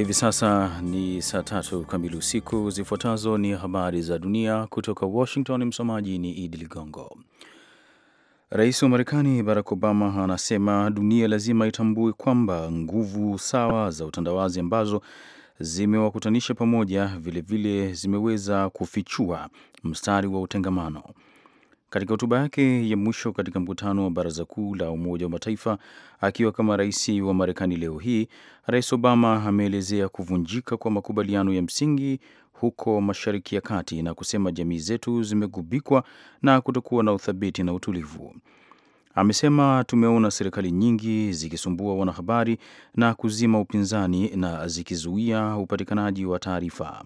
Hivi sasa ni saa tatu kamili usiku. Zifuatazo ni habari za dunia kutoka Washington. Msomaji ni Idi Ligongo. Rais wa Marekani Barack Obama anasema dunia lazima itambue kwamba nguvu sawa za utandawazi ambazo zimewakutanisha pamoja vilevile vile zimeweza kufichua mstari wa utengamano. Katika hotuba yake ya mwisho katika mkutano wa baraza kuu la Umoja wa Mataifa akiwa kama rais wa Marekani leo hii, Rais Obama ameelezea kuvunjika kwa makubaliano ya msingi huko Mashariki ya Kati na kusema jamii zetu zimegubikwa na kutokuwa na uthabiti na utulivu. Amesema tumeona serikali nyingi zikisumbua wanahabari na kuzima upinzani na zikizuia upatikanaji wa taarifa.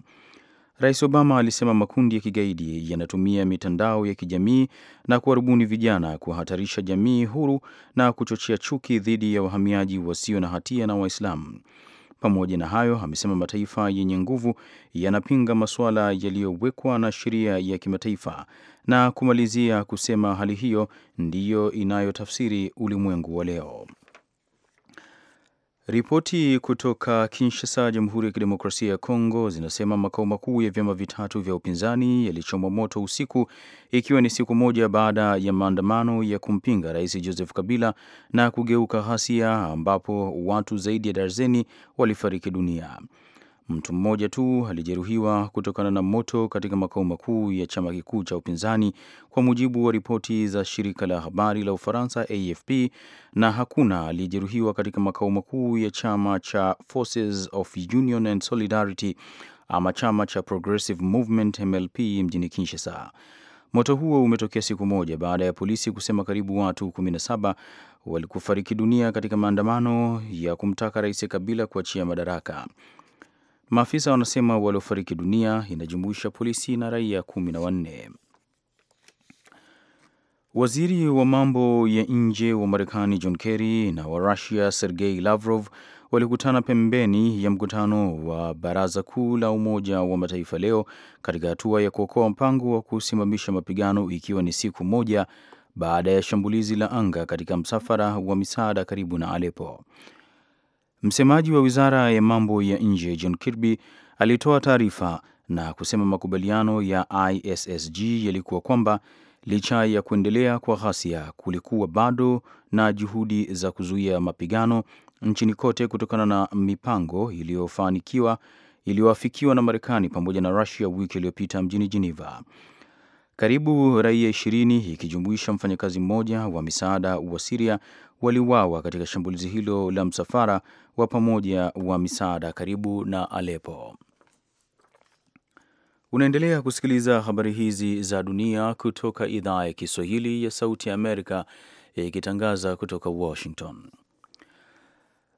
Rais Obama alisema makundi ya kigaidi yanatumia mitandao ya kijamii na kuharibuni vijana kuhatarisha jamii huru na kuchochea chuki dhidi ya wahamiaji wasio na hatia na Waislamu. Pamoja na hayo, amesema mataifa yenye nguvu yanapinga masuala yaliyowekwa na sheria ya kimataifa na kumalizia kusema hali hiyo ndiyo inayotafsiri ulimwengu wa leo. Ripoti kutoka Kinshasa, Jamhuri ya Kidemokrasia ya Kongo zinasema makao makuu ya vyama vitatu vya upinzani yalichomwa moto usiku, ikiwa ni siku moja baada ya maandamano ya kumpinga Rais Joseph Kabila na kugeuka ghasia, ambapo watu zaidi ya darzeni walifariki dunia. Mtu mmoja tu alijeruhiwa kutokana na moto katika makao makuu ya chama kikuu cha upinzani, kwa mujibu wa ripoti za shirika la habari la Ufaransa AFP, na hakuna aliyejeruhiwa katika makao makuu ya chama cha Forces of Union and Solidarity ama chama cha Progressive Movement MLP mjini Kinshasa. Moto huo umetokea siku moja baada ya polisi kusema karibu watu 17 walikufariki dunia katika maandamano ya kumtaka Rais Kabila kuachia madaraka. Maafisa wanasema waliofariki dunia inajumuisha polisi na raia kumi na wanne. Waziri wa mambo ya nje wa Marekani John Kerry na wa Rusia Sergei Lavrov walikutana pembeni ya mkutano wa Baraza Kuu la Umoja wa Mataifa leo katika hatua ya kuokoa mpango wa kusimamisha mapigano ikiwa ni siku moja baada ya shambulizi la anga katika msafara wa misaada karibu na Aleppo. Msemaji wa wizara ya mambo ya nje John Kirby alitoa taarifa na kusema makubaliano ya ISSG yalikuwa kwamba licha ya kuendelea kwa ghasia, kulikuwa bado na juhudi za kuzuia mapigano nchini kote kutokana na mipango iliyofanikiwa iliyoafikiwa na Marekani pamoja na Rusia wiki iliyopita mjini Geneva. Karibu raia ishirini ikijumuisha mfanyakazi mmoja wa misaada wa Siria waliuawa katika shambulizi hilo la msafara wa pamoja wa misaada karibu na Aleppo. Unaendelea kusikiliza habari hizi za dunia kutoka idhaa ya Kiswahili ya Sauti ya Amerika ikitangaza kutoka Washington.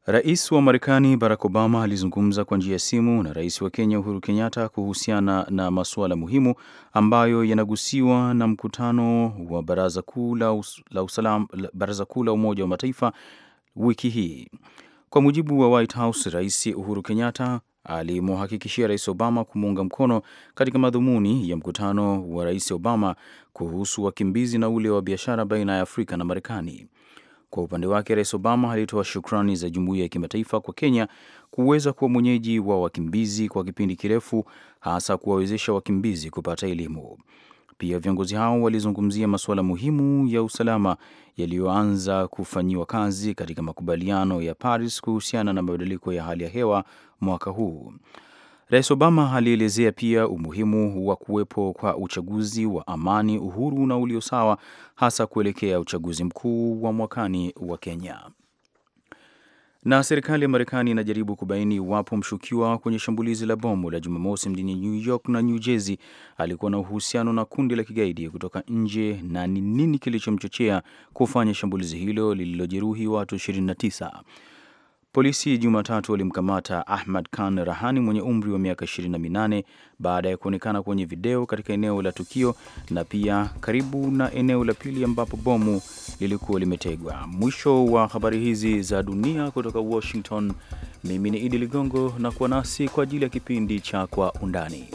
Rais wa Marekani Barack Obama alizungumza kwa njia ya simu na rais wa Kenya Uhuru Kenyatta kuhusiana na masuala muhimu ambayo yanagusiwa na mkutano wa Baraza Kuu la, us la, usalam Baraza Kuu la Umoja wa Mataifa wiki hii. Kwa mujibu wa White House, Rais Uhuru Kenyatta alimuhakikishia Rais Obama kumuunga mkono katika madhumuni ya mkutano wa Rais Obama kuhusu wakimbizi na ule wa biashara baina ya Afrika na Marekani. Kwa upande wake, Rais Obama alitoa shukrani za jumuiya ya kimataifa kwa Kenya kuweza kuwa mwenyeji wa wakimbizi kwa kipindi kirefu, hasa kuwawezesha wakimbizi kupata elimu. Pia viongozi hao walizungumzia masuala muhimu ya usalama yaliyoanza kufanyiwa kazi katika makubaliano ya Paris kuhusiana na mabadiliko ya hali ya hewa mwaka huu. Rais Obama alielezea pia umuhimu wa kuwepo kwa uchaguzi wa amani, uhuru na ulio sawa, hasa kuelekea uchaguzi mkuu wa mwakani wa Kenya. Na serikali ya Marekani inajaribu kubaini iwapo mshukiwa kwenye shambulizi la bomu la Jumamosi mjini New York na New Jersey alikuwa na uhusiano na kundi la kigaidi kutoka nje na ni nini kilichomchochea kufanya shambulizi hilo lililojeruhi watu 29. Polisi Jumatatu walimkamata Ahmad Khan Rahani mwenye umri wa miaka 28 baada ya kuonekana kwenye video katika eneo la tukio na pia karibu na eneo la pili ambapo bomu lilikuwa limetegwa. Mwisho wa habari hizi za dunia kutoka Washington. Mimi ni Idi Ligongo na kuwa nasi kwa ajili ya kipindi cha Kwa Undani.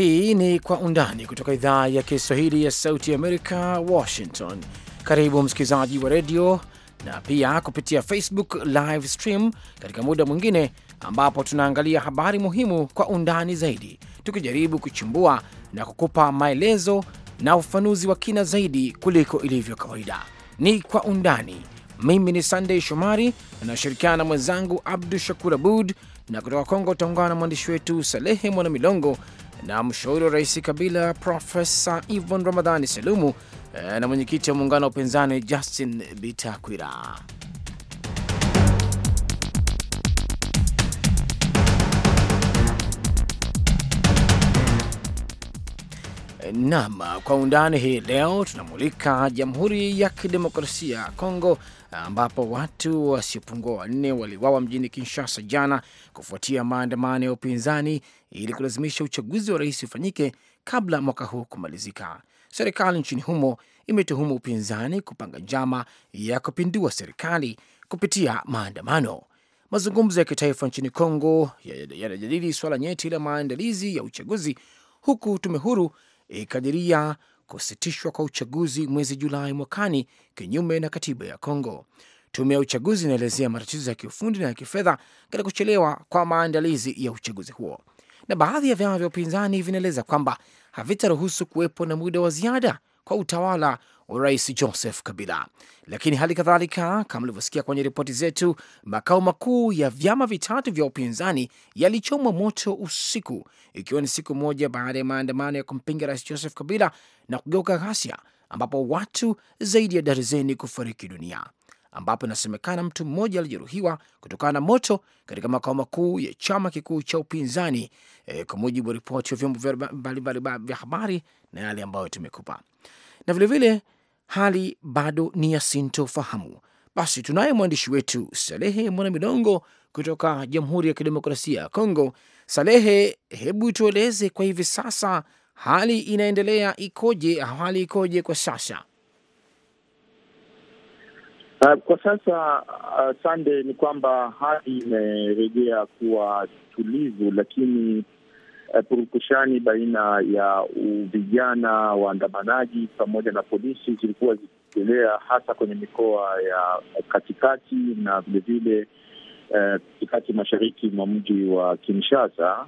Hii ni Kwa Undani kutoka idhaa ya Kiswahili ya Sauti Amerika, Washington. Karibu msikilizaji wa redio na pia kupitia Facebook live stream katika muda mwingine ambapo tunaangalia habari muhimu kwa undani zaidi, tukijaribu kuchimbua na kukupa maelezo na ufafanuzi wa kina zaidi kuliko ilivyo kawaida. Ni Kwa Undani. Mimi ni Sandey Shomari, nashirikiana na mwenzangu Abdu Shakur Abud na kutoka Kongo utaungana na mwandishi wetu Salehe Mwana Milongo na mshauri wa rais Kabila Profesa Ivan Ramadhani Selumu eh, na mwenyekiti wa muungano wa upinzani Justin Bitakwira. nam kwa undani hii leo tunamulika Jamhuri ya Kidemokrasia ya Kongo ambapo watu wasiopungua wanne waliwawa mjini Kinshasa jana kufuatia maandamano ya upinzani ili kulazimisha uchaguzi wa rais ufanyike kabla mwaka huu kumalizika. Serikali nchini humo imetuhumu upinzani kupanga njama ya kupindua serikali kupitia maandamano. Mazungumzo ya kitaifa nchini Kongo yanajadili swala nyeti la maandalizi ya uchaguzi huku tume huru ikikadiria kusitishwa kwa uchaguzi mwezi Julai mwakani kinyume na katiba ya Kongo. Tume ya uchaguzi inaelezea matatizo ya kiufundi na ya kifedha katika kuchelewa kwa maandalizi ya uchaguzi huo, na baadhi ya vyama vya upinzani vinaeleza kwamba havitaruhusu kuwepo na muda wa ziada kwa utawala Rais Joseph Kabila. Lakini hali kadhalika, kama ulivyosikia kwenye ripoti zetu, makao makuu ya vyama vitatu vya upinzani yalichomwa moto usiku, ikiwa ni siku moja baada ya maandamano ya kumpinga Rais Joseph Kabila na kugeuka ghasia, ambapo watu zaidi ya darzeni kufariki dunia, ambapo inasemekana mtu mmoja alijeruhiwa kutokana na moto katika makao makuu ya chama kikuu cha upinzani e, kwa mujibu wa ripoti ya vyombo mbalimbali vya habari na yale ambayo tumekupa na vilevile vile, hali bado ni ya sintofahamu. Basi tunaye mwandishi wetu Salehe Mwanamilongo kutoka Jamhuri ya Kidemokrasia ya Kongo. Salehe, hebu tueleze kwa hivi sasa hali inaendelea ikoje? Hali ikoje kwa sasa? Uh, kwa sasa uh, ah, Sande, ni kwamba hali imerejea kuwa tulivu, lakini uh, purukushani baina ya vijana waandamanaji pamoja na polisi zilikuwa zikiendelea hasa kwenye mikoa ya katikati na vilevile uh, eh, katikati mashariki mwa mji wa Kinshasa,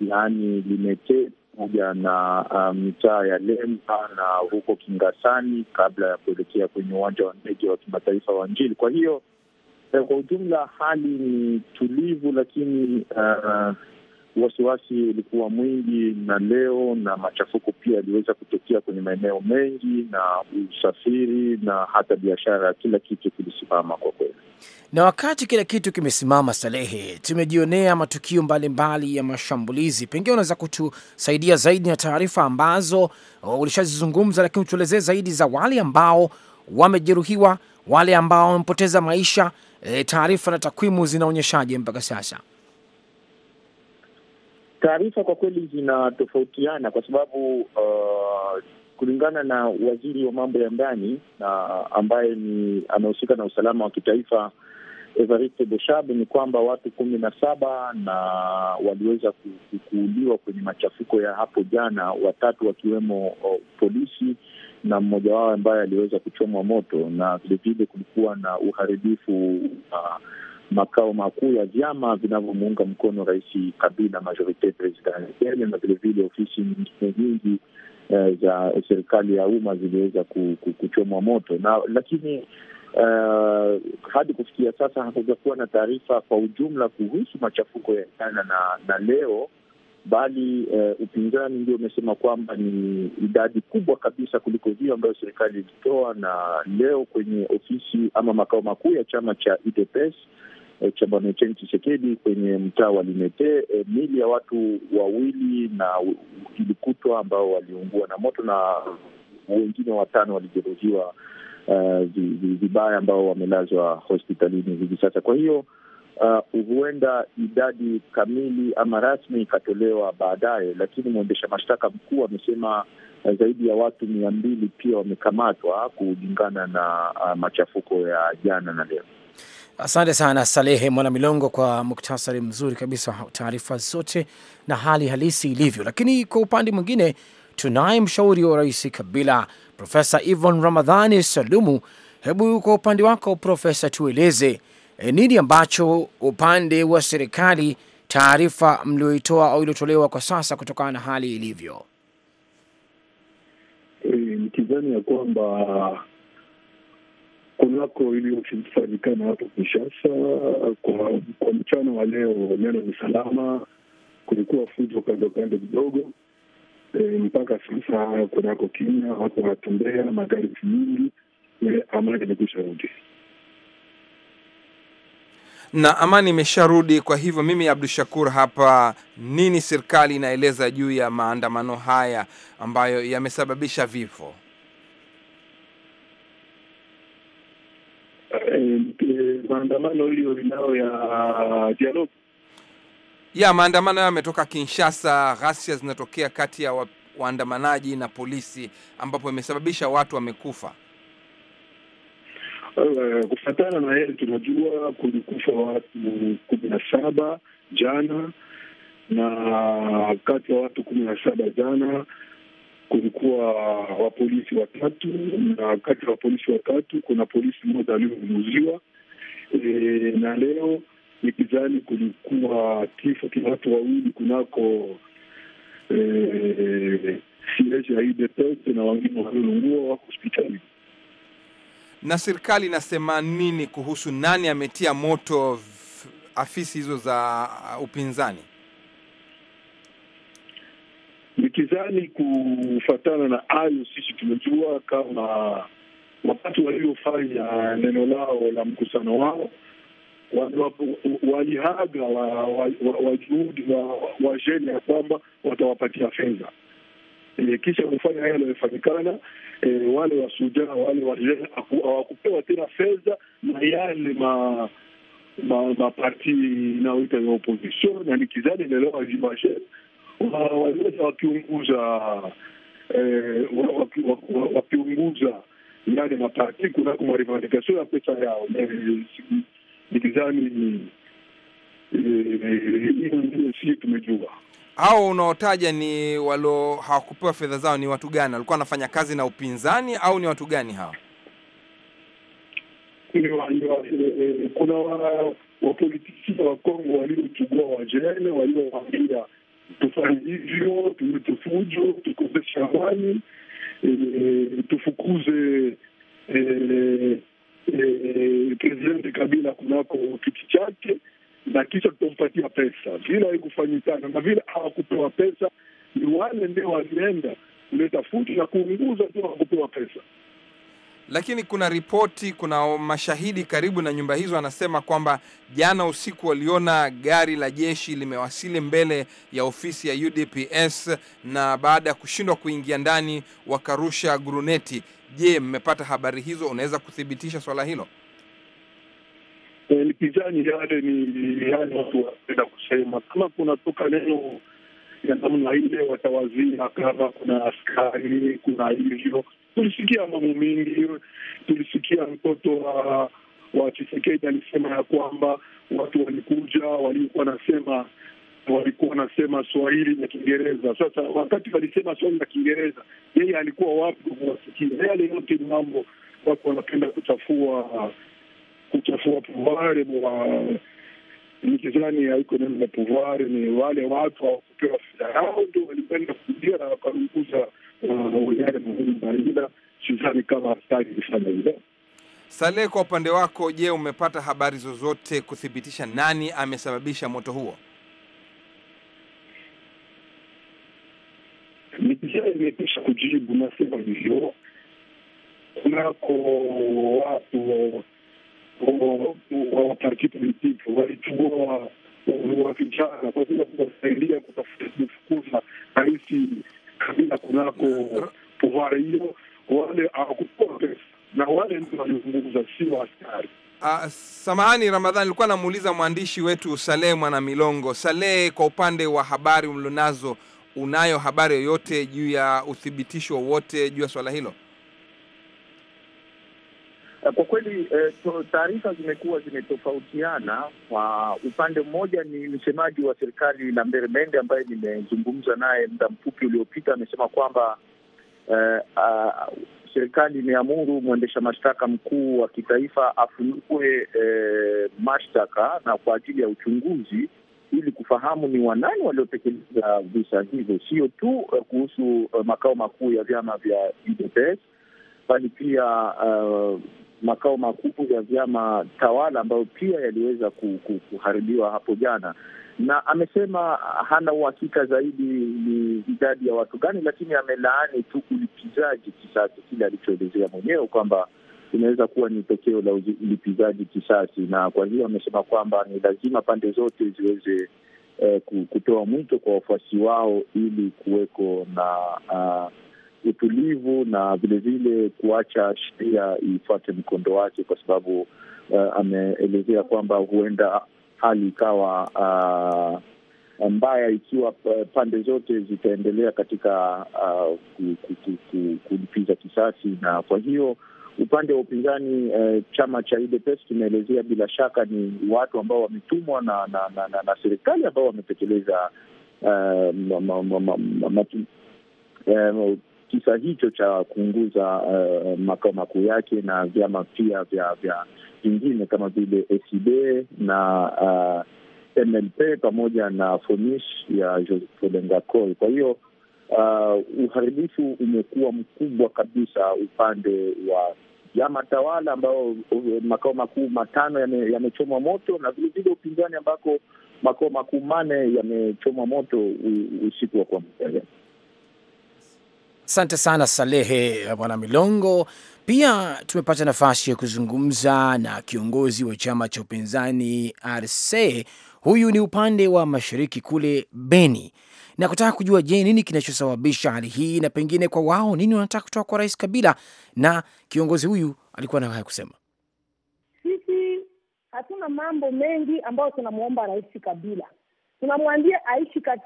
yaani Limete pamoja na mitaa eh, mitaa ya Lemba na huko Kingasani kabla ya kuelekea kwenye uwanja wa ndege wa kimataifa wa Njili. Kwa hiyo kwa ujumla hali ni tulivu, lakini uh, wasiwasi ulikuwa mwingi na leo, na machafuko pia yaliweza kutokea kwenye maeneo mengi, na usafiri na hata biashara, kila kitu kilisimama kwa kweli. Na wakati kila kitu kimesimama, Salehe, tumejionea matukio mbalimbali ya mashambulizi. Pengine unaweza kutusaidia zaidi na taarifa ambazo ulishazizungumza, lakini utuelezee zaidi za wale ambao wamejeruhiwa, wale ambao wamepoteza maisha. E, taarifa na takwimu zinaonyeshaje mpaka sasa? Taarifa kwa kweli zinatofautiana kwa sababu uh, kulingana na waziri wa mambo ya ndani uh, ambaye ni amehusika na usalama wa kitaifa Evariste Boshab ni kwamba watu kumi na saba na waliweza kuuliwa kwenye machafuko ya hapo jana, watatu wakiwemo uh, polisi na mmoja wao ambaye aliweza kuchomwa moto, na vilevile kulikuwa na uharibifu uh, makao makuu ya vyama vinavyomuunga mkono Rais Kabila, Majorite Presidentielle, na vilevile ofisi nyingine nyingi uh, za serikali ya umma ziliweza kuchomwa moto na lakini Uh, hadi kufikia sasa hakujakuwa na taarifa kwa ujumla kuhusu machafuko ya jana na, na leo, bali uh, upinzani ndio umesema kwamba ni idadi kubwa kabisa kuliko hiyo ambayo serikali ilitoa. Na leo kwenye ofisi ama makao makuu ya chama cha UDPS Eh, e, cha Bwana chisekedi kwenye mtaa wa Limete. E, mili ya watu wawili na ilikutwa ambao waliungua na moto na wengine watano walijeruhiwa eh, vibaya, uh, ambao wamelazwa hospitalini hivi sasa. Kwa hiyo uh, huenda idadi kamili ama rasmi ikatolewa baadaye, lakini mwendesha mashtaka mkuu amesema zaidi ya watu mia mbili pia wamekamatwa kulingana na uh, machafuko ya jana na leo. Asante sana Salehe Mwanamilongo kwa muktasari mzuri kabisa taarifa zote na hali halisi ilivyo. Lakini kwa upande mwingine, tunaye mshauri wa Rais Kabila Profesa Ivan Ramadhani Salumu. Hebu kwa upande wako Profesa, tueleze e, nini ambacho upande wa serikali taarifa mlioitoa au iliotolewa kwa sasa kutokana na hali ilivyo? E, eh, mtizani ya kwamba kunako iliyofanikana hapo Kinshasa kwa, kwa mchana wa leo, neno ni salama. Kulikuwa fujo kando kando kidogo e, mpaka sasa kunako kimya, watu wanatembea, magari nyingi e, amani imekwisha rudi na amani imesharudi. Kwa hivyo mimi Abdu Shakur hapa, nini serikali inaeleza juu ya maandamano haya ambayo yamesababisha vifo? Eh, eh, maandamano hiyo linao ya uh, dialogue ya maandamano hayo yametoka Kinshasa. Ghasia zinatokea kati ya waandamanaji na polisi, ambapo imesababisha watu wamekufa. Uh, eh, kufatana na yeye tunajua kulikufa watu kumi na saba jana na kati ya watu kumi na saba jana kulikuwa wapolisi watatu, na kati ya wapolisi watatu kuna polisi mmoja aliyozunguziwa. E, na leo nikizani kulikuwa kifo kia watu wawili kunako e, sireji ya UDPS na wengine waliolungua wako hospitali. Na serikali inasema nini kuhusu nani ametia moto afisi hizo za uh, upinzani? kizani kufatana na hayo, sisi tumejua kama wakati waliofanya neno lao la mkusano wao walihaga wajuhudi jeni ya kwamba watawapatia fedha. E, kisha kufanya haya yanayofanyikana, e, wale wasujaa wale hawakupewa tena fedha na yale ma maparti ma inayoita ya opposition na nikizani nelewa wajene waliweza wakiunguza eh, wakiunguza yale maparti kunako marivandication ya pesa yao nikizani eh, hiyo ndio si tumejua hao unaotaja ni walo hawakupewa fedha zao ni watu gani? Walikuwa wanafanya kazi na upinzani au ni watu gani hawa eh, Kuna wapolitisia wa Kongo waliochugua wajene waliowambia tufanye hivyo, tulete fujo, tukoseshe amani, eh, tufukuze eh, eh, presidenti Kabila kunako kiti chake na kisha tutampatia pesa. Vile haikufanyikana na vile hawakupewa pesa, ni wale ndio walienda kuleta fujo na kuunguza tu hawakupewa pesa. Lakini kuna ripoti, kuna mashahidi karibu na nyumba hizo anasema kwamba jana usiku waliona gari la jeshi limewasili mbele ya ofisi ya UDPS na baada ya kushindwa kuingia ndani wakarusha gruneti Je, mmepata habari hizo? Unaweza kuthibitisha swala hilo? Eh, kijani yale ni yale watu wanapenda kusema, kama kunatoka neno ya namna ile watawazia, kama kuna askari, kuna hivyo tulisikia mambo mengi. Tulisikia mtoto wa wa Chisekedi alisema ya kwamba watu walikuja waliokuwa nasema walikuwa wanasema Swahili na Kiingereza. Sasa wakati walisema Swahili na Kiingereza, yeye alikuwa wapi kuwasikia? Yale yote ni mambo watu wanapenda kuchafua kuchafua puare fulani haiko neno la pouvoir. Ni wale watu hawakupewa fedha yao ndo walikwenda kuingia na wakarunguza yale muhimu baila. Sidhani kama hatari kufanya hivyo. Saleh, kwa upande wako, je, umepata habari zozote kuthibitisha nani amesababisha moto huo? Niia imekisha kujibu, nasema hivyo kunako watu wa utaratibu wa vijana kwa kuwasaidia kutafuta rais Kabila kunako hiyo. Wale hawakutoa pesa na wale ndio walizungumza, sio askari. Uh, samahani Ramadhani, nilikuwa namuuliza mwandishi wetu Saleh Mwana Milongo. Saleh, kwa upande wa habari mlionazo, unayo habari yoyote juu ya uthibitisho wowote juu ya swala hilo? Eh, kwa kweli eh, taarifa zimekuwa zimetofautiana. Kwa upande mmoja, ni msemaji wa serikali Lambert Mende ambaye nimezungumza naye muda mfupi uliopita, amesema kwamba eh, uh, serikali imeamuru mwendesha mashtaka mkuu wa kitaifa afungue eh, mashtaka na kwa ajili ya uchunguzi ili kufahamu ni wanani waliotekeleza visa hivyo, sio tu uh, kuhusu uh, makao makuu ya vyama vya UDPS bali pia uh, makao makuu ya vyama tawala ambayo pia yaliweza kuharibiwa hapo jana, na amesema hana uhakika zaidi ni idadi ya watu gani, lakini amelaani tu ulipizaji kisasi, kile alichoelezea mwenyewe kwamba inaweza kuwa ni tokeo la ulipizaji kisasi, na kwa hiyo amesema kwamba ni lazima pande zote ziweze eh, kutoa mwito kwa wafuasi wao ili kuweko na uh, utulivu na vilevile kuacha sheria ifuate mkondo wake, kwa sababu uh, ameelezea kwamba huenda hali ikawa uh, mbaya ikiwa pande zote zitaendelea katika uh, kulipiza kisasi, na kwa hiyo upande wa upinzani eh, chama cha UDPS kimeelezea bila shaka ni watu ambao wametumwa na, na, na, na, na serikali ambao wametekeleza eh, kisa hicho cha kuunguza uh, makao makuu yake na vyama pia vya vya vingine kama vile ACD e na uh, eh, MLP pamoja na FONISH ya Joseph Kwa hiyo uh, uharibifu umekuwa mkubwa kabisa upande wa vyama tawala ambao makao makuu matano yamechomwa yame moto na vilevile upinzani ambako makao makuu manne yamechomwa moto usiku wa kuamkia Asante sana Salehe Bwana Milongo. Pia tumepata nafasi ya kuzungumza na kiongozi wa chama cha upinzani RC, huyu ni upande wa mashariki kule Beni, na kutaka kujua, je, nini kinachosababisha hali hii na pengine kwa wao nini wanataka kutoka kwa Rais Kabila. Na kiongozi huyu alikuwa na haya kusema: sisi hatuna mambo mengi ambayo tunamwomba Rais Kabila tunamwambia aishi kat,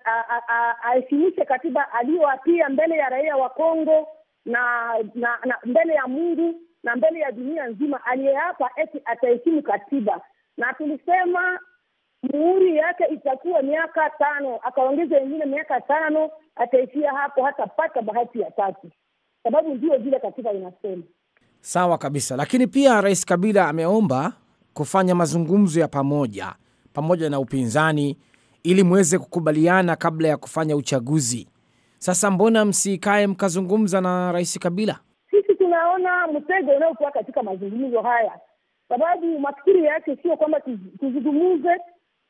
aheshimishe katiba aliyoapia mbele ya raia wa Kongo na, na, na mbele ya Mungu na mbele ya dunia nzima, aliyeapa eti ataheshimu katiba, na tulisema muhuri yake itakuwa miaka tano, akaongeza wengine miaka tano, ataishia hapo, hatapata bahati ya tatu, sababu ndio vile katiba inasema. Sawa kabisa, lakini pia Rais Kabila ameomba kufanya mazungumzo ya pamoja pamoja na upinzani ili mweze kukubaliana kabla ya kufanya uchaguzi. Sasa mbona msikae mkazungumza na Rais Kabila? Sisi tunaona mtego unaokuwa katika mazungumzo haya, sababu mafikiri yake sio kwamba tuzungumuze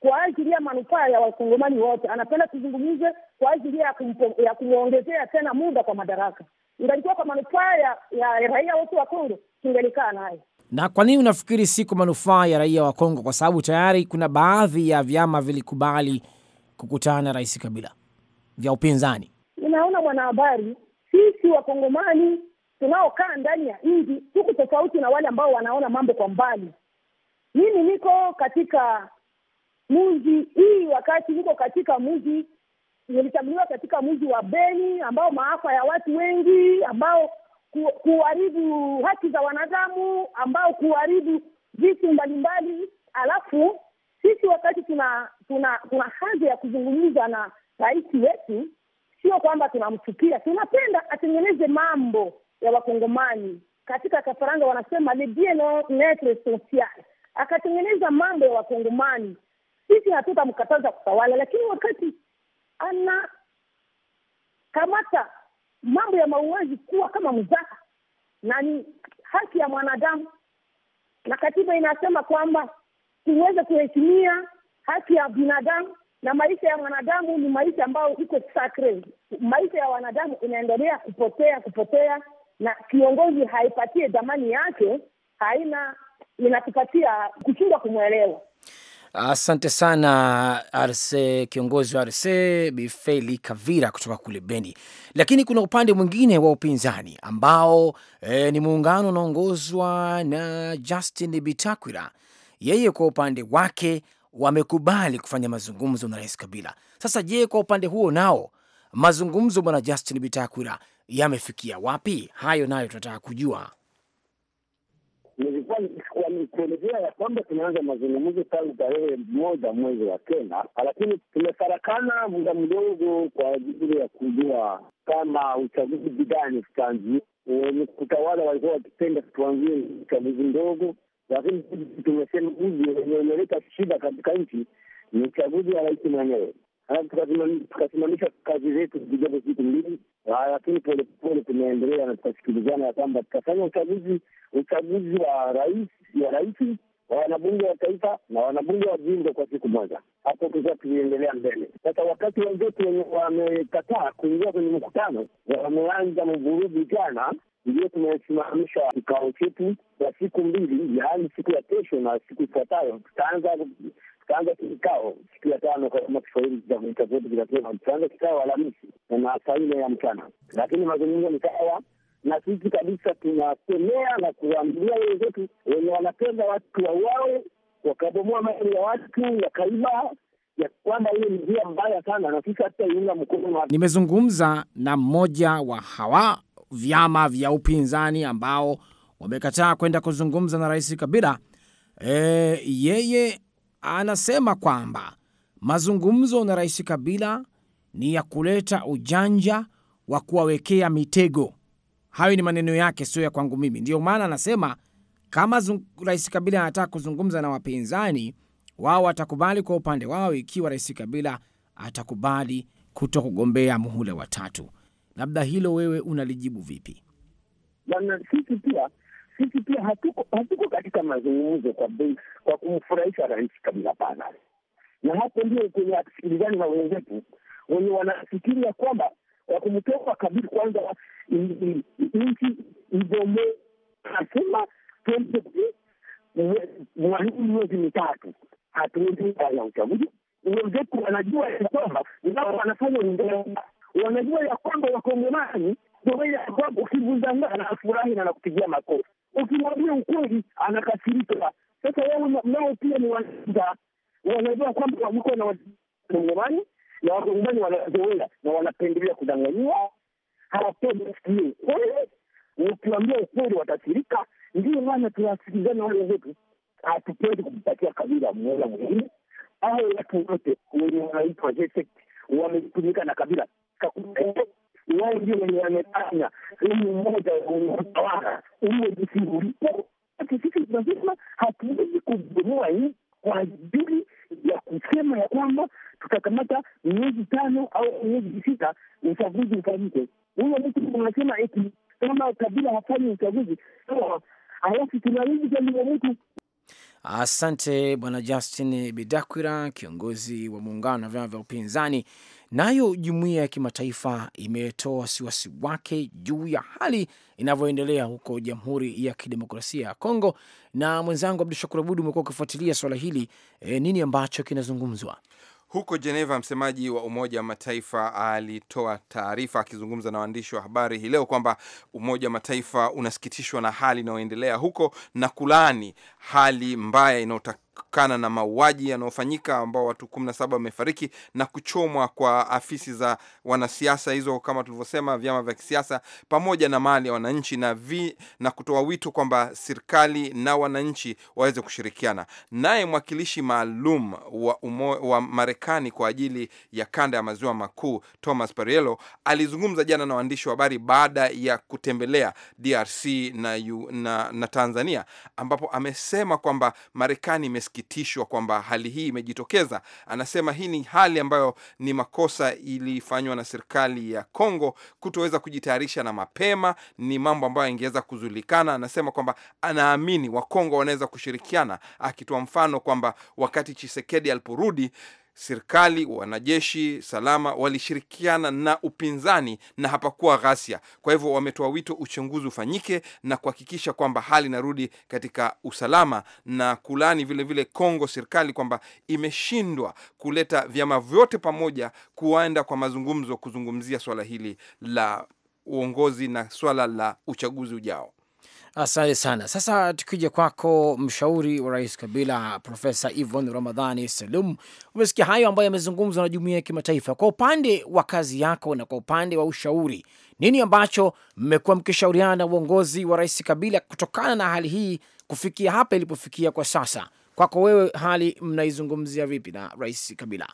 kwa ajili ya manufaa ya wakongomani wote. Anapenda tuzungumuze kwa ajili ya kumwongezea tena muda kwa madaraka. Ingalikuwa kwa manufaa ya, ya raia wote wa Kongo, tungelikaa naye. Na kwa nini unafikiri si kwa manufaa ya raia wa Kongo? Kwa sababu tayari kuna baadhi ya vyama vilikubali kukutana na Rais Kabila vya upinzani. Ninaona mwanahabari, sisi wakongomani tunaokaa ndani ya nji tuko tofauti na wale ambao wanaona mambo kwa mbali. Mimi niko katika mji hii, wakati niko katika mji nilichaguliwa katika mji wa Beni ambao maafa ya watu wengi ambao ku, kuharibu haki za wanadamu ambao kuharibu vitu mbalimbali, alafu sisi wakati tuna tuna tuna haja ya kuzungumza na rais wetu, sio kwamba tunamchukia, tunapenda atengeneze mambo ya Wakongomani. Katika Kafaranga wanasema le bien etre social, akatengeneza mambo ya Wakongomani. Sisi hatutamkataza kutawala, lakini wakati ana kamata mambo ya mauaji kuwa kama mzaka na ni haki ya mwanadamu, na katiba inasema kwamba tuweze kuheshimia haki ya binadamu na maisha ya mwanadamu ni maisha ambayo iko sacred. Maisha ya wanadamu inaendelea kupotea kupotea, na kiongozi haipatie dhamani yake, haina inatupatia kushindwa kumwelewa. Asante sana RC, kiongozi wa RC Bifeli Kavira kutoka kule Beni. Lakini kuna upande mwingine wa upinzani ambao e, ni muungano unaongozwa na Justin Bitakwira. Yeye kwa upande wake wamekubali kufanya mazungumzo na Rais Kabila. Sasa je, kwa upande huo nao mazungumzo bwana Justin Bitakwira yamefikia wapi? Hayo nayo tunataka kujua ni kuelezea ya kwamba tunaanza mazungumzo tangu tarehe moja mwezi wa kenda, lakini tumefarakana muda mdogo kwa ajili ya kujua kama uchaguzi gani tutaanzia. Wenye eh, kutawala walikuwa wakipenda tuanzie uchaguzi ndogo, lakini tumesema uzi wenye umeleta shida katika nchi ni uchaguzi wa rais mwenyewe. Ah, tukasimamisha kazi zetu kidogo siku mbili, ah, lakini polepole tumeendelea na tukasikilizana ya kwamba tutafanya uchaguzi uchaguzi wa rais wa rais wa wanabunge wa taifa na wanabunge wa jimbo kwa siku moja. Hapo tulikuwa tuliendelea mbele. Sasa wakati wenzetu wenye wamekataa kuingia kwenye mkutano wameanza mvurugu jana, ndio tumesimamisha kikao chetu kwa siku mbili, yaani siku ya kesho na siku ifuatayo tutaanza tutaanza kikao siku ya tano kama Kiswahili cha Afrika zetu tutaanza kikao Alhamisi na saa nne ya mchana, lakini mazungumzo ni sawa na sisi kabisa tunasemea na kuwaambilia wenzetu wenye wanapenda watu wauawe, wakabomoa mali ya watu wakaiba, ya kwamba hiyo ni njia mbaya sana, na sisi hatutaiunga mkono. Nimezungumza na mmoja wa hawa vyama vya upinzani ambao wamekataa kwenda kuzungumza na Rais Kabila. E, yeye anasema kwamba mazungumzo na Rais Kabila ni ya kuleta ujanja wa kuwawekea mitego. Hayo ni maneno yake, sio ya kwangu mimi. Ndiyo maana anasema kama Rais Kabila anataka kuzungumza na wapinzani wao, watakubali kwa upande wao ikiwa Rais Kabila atakubali kuto kugombea muhula wa tatu. Labda hilo wewe unalijibu vipi? Na sisi pia sisi pia hatuko hatuko katika mazungumzo kwa bei, kwa kumfurahisha rais Kabila pana, na hapo ndio kwenye hatusikilizani na wenzetu wenye wanafikiria kwamba kwa kumtoa Kabila kwanza nchi igome, anasema tuende mwalimu miezi mitatu, hatuendi ya uchaguzi. Wenzetu wanajua ya kwamba nao wanafanya ringaa, wanajua ya kwamba wakongomani ndio kwamba ukivunjangana afurahi na nakupigia makofi ukimwambia ukweli anakasirika. Sasa wao nao pia ni wanza, wanajua kwamba walikuwa na wakongomani na wakongomani wanazoea na wanapendelea kudanganyiwa, hawapendi kusikia ukweli. Ukiwambia ukweli watasirika. Ndio maana tunasikizana wale wenzetu, hatupendi kumpatia Kabila mmoja mwingine au watu wote wenye wanaitwa wametumika na Kabila wengi wenye wamefanya ili mmoja wenye utawala uwe jinsi ulipo. Sisi tunasema hatuwezi kubomoa hii kwa ajili ya kusema ya kwamba tutakamata miezi tano au miezi sita uchaguzi ufanyike. Huyo mtu anasema eti kama Kabila hafanyi uchaguzi sawa, halafu tunarudi kwa mtu Asante Bwana Justin Bidakwira, kiongozi wa muungano wa vyama vya upinzani Nayo jumuiya ya kimataifa imetoa wasiwasi wake juu ya hali inavyoendelea huko Jamhuri ya Kidemokrasia ya Kongo, na mwenzangu Abdu Shakur Abud umekuwa ukifuatilia swala hili e, nini ambacho kinazungumzwa huko Geneva? Msemaji wa Umoja wa Mataifa alitoa taarifa akizungumza na waandishi wa habari hii leo kwamba Umoja wa Mataifa unasikitishwa na hali inayoendelea huko na kulaani hali mbaya inayota kutokana na mauaji yanayofanyika ambao watu 17 wamefariki na kuchomwa kwa afisi za wanasiasa hizo, kama tulivyosema, vyama vya kisiasa pamoja na mali ya wananchi na, vi, na kutoa wito kwamba serikali na wananchi waweze kushirikiana. Naye mwakilishi maalum wa, wa Marekani kwa ajili ya kanda ya maziwa makuu Thomas Pariello alizungumza jana na waandishi wa habari baada ya kutembelea DRC na, na, na Tanzania ambapo amesema kwamba Marekani amesikitishwa kwamba hali hii imejitokeza. Anasema hii ni hali ambayo ni makosa ilifanywa na serikali ya Kongo kutoweza kujitayarisha na mapema, ni mambo ambayo ingeweza kuzulikana. Anasema kwamba anaamini Wakongo wanaweza kushirikiana, akitoa mfano kwamba wakati Chisekedi aliporudi serikali, wanajeshi, salama walishirikiana na upinzani na hapakuwa ghasia. Kwa hivyo wametoa wito uchunguzi ufanyike na kuhakikisha kwamba hali inarudi katika usalama, na kulani vilevile vile Kongo serikali kwamba imeshindwa kuleta vyama vyote pamoja kuenda kwa mazungumzo kuzungumzia swala hili la uongozi na swala la uchaguzi ujao. Asante sana. Sasa tukija kwako, mshauri wa rais Kabila Profesa Yvonne Ramadhani Salum, umesikia hayo ambayo yamezungumzwa na jumuia ya kimataifa. Kwa upande wa kazi yako na kwa upande wa ushauri, nini ambacho mmekuwa mkishauriana na uongozi wa rais Kabila kutokana na hali hii kufikia hapa ilipofikia kwa sasa? Kwako wewe, hali mnaizungumzia vipi na rais Kabila?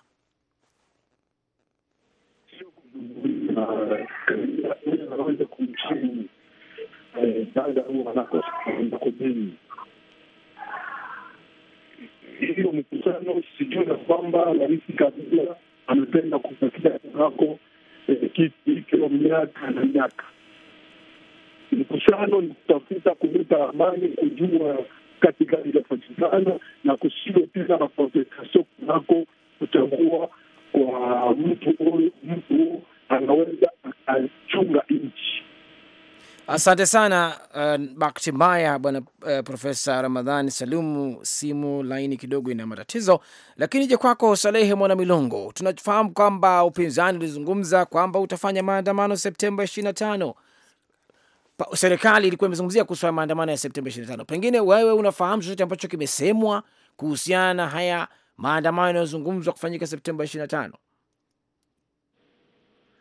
Tanga Hiyo mkutano sijui na kwamba Rais Kabila amependa kupatia Manaco eh, kiti hicho miaka na miaka. Mkusano ni kutafuta kuleta amani, kujua katikati gani inapatikana na kusiwe tena makonsentrasio kunako kuchagua kwa mtu huyu, mtu anaweza akachunga nchi Asante sana uh, bakti mbaya bwana uh, Profesa Ramadhani Salumu, simu laini kidogo ina matatizo, lakini je, kwako Salehe Mwana Milongo, tunafahamu kwamba upinzani ulizungumza kwamba utafanya maandamano Septemba 25. Serikali ilikuwa imezungumzia kuhusu maandamano ya Septemba 25. Pengine wewe unafahamu chochote ambacho kimesemwa kuhusiana na haya maandamano yanayozungumzwa kufanyika Septemba 25?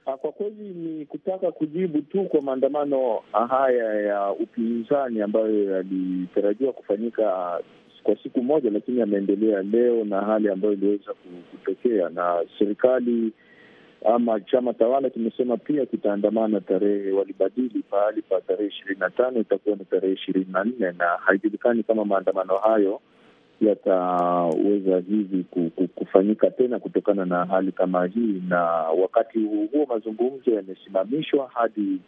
Ah, kwa kweli ni kutaka kujibu tu kwa maandamano haya ya upinzani ambayo yalitarajiwa kufanyika ah, kwa siku moja, lakini yameendelea leo na hali ambayo iliweza kutokea, na serikali ama chama tawala kimesema pia kitaandamana tarehe, walibadili pahali pa tarehe ishirini na tano itakuwa ni tarehe ishirini na nne na haijulikani kama maandamano hayo yataweza hivi kufanyika tena kutokana na hali kama hii. Na wakati huo huo mazungumzo yamesimamishwa hadi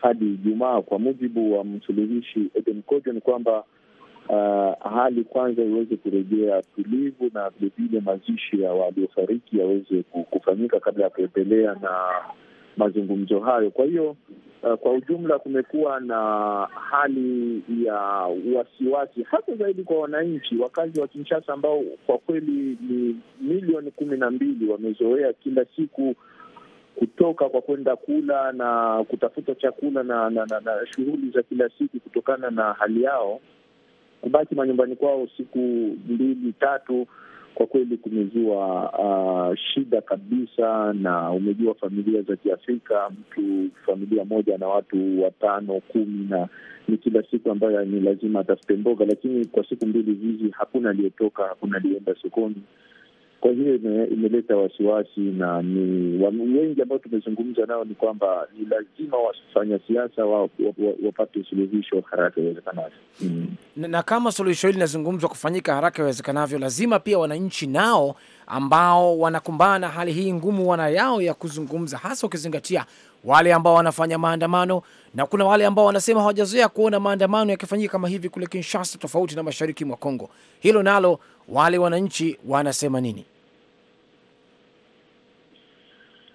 hadi Ijumaa. Kwa mujibu wa msuluhishi Eden Kojo ni kwamba uh, hali kwanza iweze kurejea tulivu na vilevile mazishi ya waliofariki yaweze kufanyika kabla ya kuendelea na mazungumzo hayo. Kwa hiyo Uh, kwa ujumla kumekuwa na hali ya wasiwasi hasa zaidi kwa wananchi wakazi wa Kinshasa ambao kwa kweli ni milioni kumi na mbili wamezoea kila siku kutoka kwa kwenda kula na kutafuta chakula na, na, na, na shughuli za kila siku kutokana na hali yao kubaki manyumbani kwao siku mbili tatu kwa kweli kumezua uh, shida kabisa, na umejua familia za Kiafrika, mtu familia moja na watu watano kumi, na ni kila siku ambayo ni lazima atafute mboga, lakini kwa siku mbili hizi hakuna aliyetoka, hakuna aliyeenda sokoni kwa hiyo imeleta wasiwasi, na ni wengi ambao tumezungumza nao ni kwamba ni lazima wafanya siasa wa, wa, wa, wapate suluhisho haraka iwezekanavyo mm. Na, na kama suluhisho hili linazungumzwa kufanyika haraka iwezekanavyo, lazima pia wananchi nao ambao wanakumbana na hali hii ngumu wana yao ya kuzungumza, hasa ukizingatia wale ambao wanafanya maandamano na kuna wale ambao wanasema hawajazoea kuona maandamano yakifanyika kama hivi kule Kinshasa, tofauti na mashariki mwa Kongo. Hilo nalo wale wananchi wanasema nini?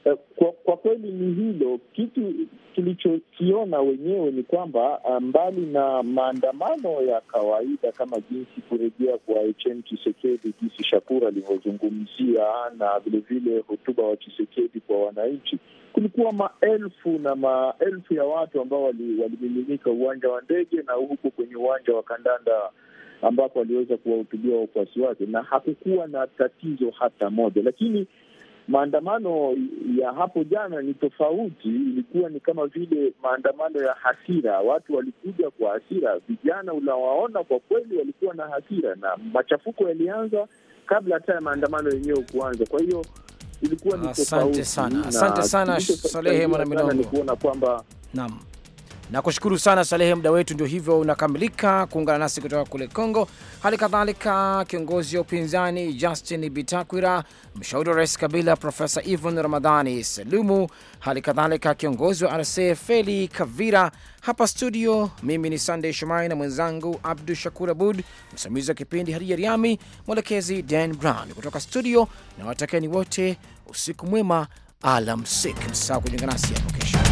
Eh, kwa, kwa kweli ni hilo kitu tulichokiona wenyewe ni kwamba eh, mbali na maandamano ya kawaida kama jinsi kurejea kwa HM Chisekedi, jinsi Shakur alivyozungumzia na vilevile hotuba wa Chisekedi kwa wananchi, kulikuwa maelfu na maelfu ya watu ambao walimiminika wali uwanja wa ndege na huko kwenye uwanja wa kandanda ambapo aliweza kuwahutubia wafuasi wake, na hakukuwa na tatizo hata moja, lakini maandamano ya hapo jana ni tofauti. Ilikuwa ni kama vile maandamano ya hasira, watu walikuja kwa hasira. Vijana unawaona kwa kweli walikuwa na hasira, na machafuko yalianza kabla hata ya maandamano yenyewe kuanza. Kwa hiyo ilikuwa ni tofauti. Asante sana, asante sana Salehe Mwanamilongo, ni kuona kwamba naam Nakushukuru sana Salehe, muda wetu ndio hivyo unakamilika. Kuungana nasi kutoka kule congo hali kadhalika kiongozi wa upinzani Justin Bitakwira, mshauri wa rais Kabila Profesa Ivan Ramadhani Selumu, hali kadhalika kiongozi wa RC Feli Kavira. Hapa studio, mimi ni Sandey Shomari na mwenzangu Abdu Shakur Abud, msimamizi wa kipindi Hadija Riami, mwelekezi Dan Brown kutoka studio, na watakeni wote usiku mwema, alamsik. Msisahau kujiunga nasi hapo kesho.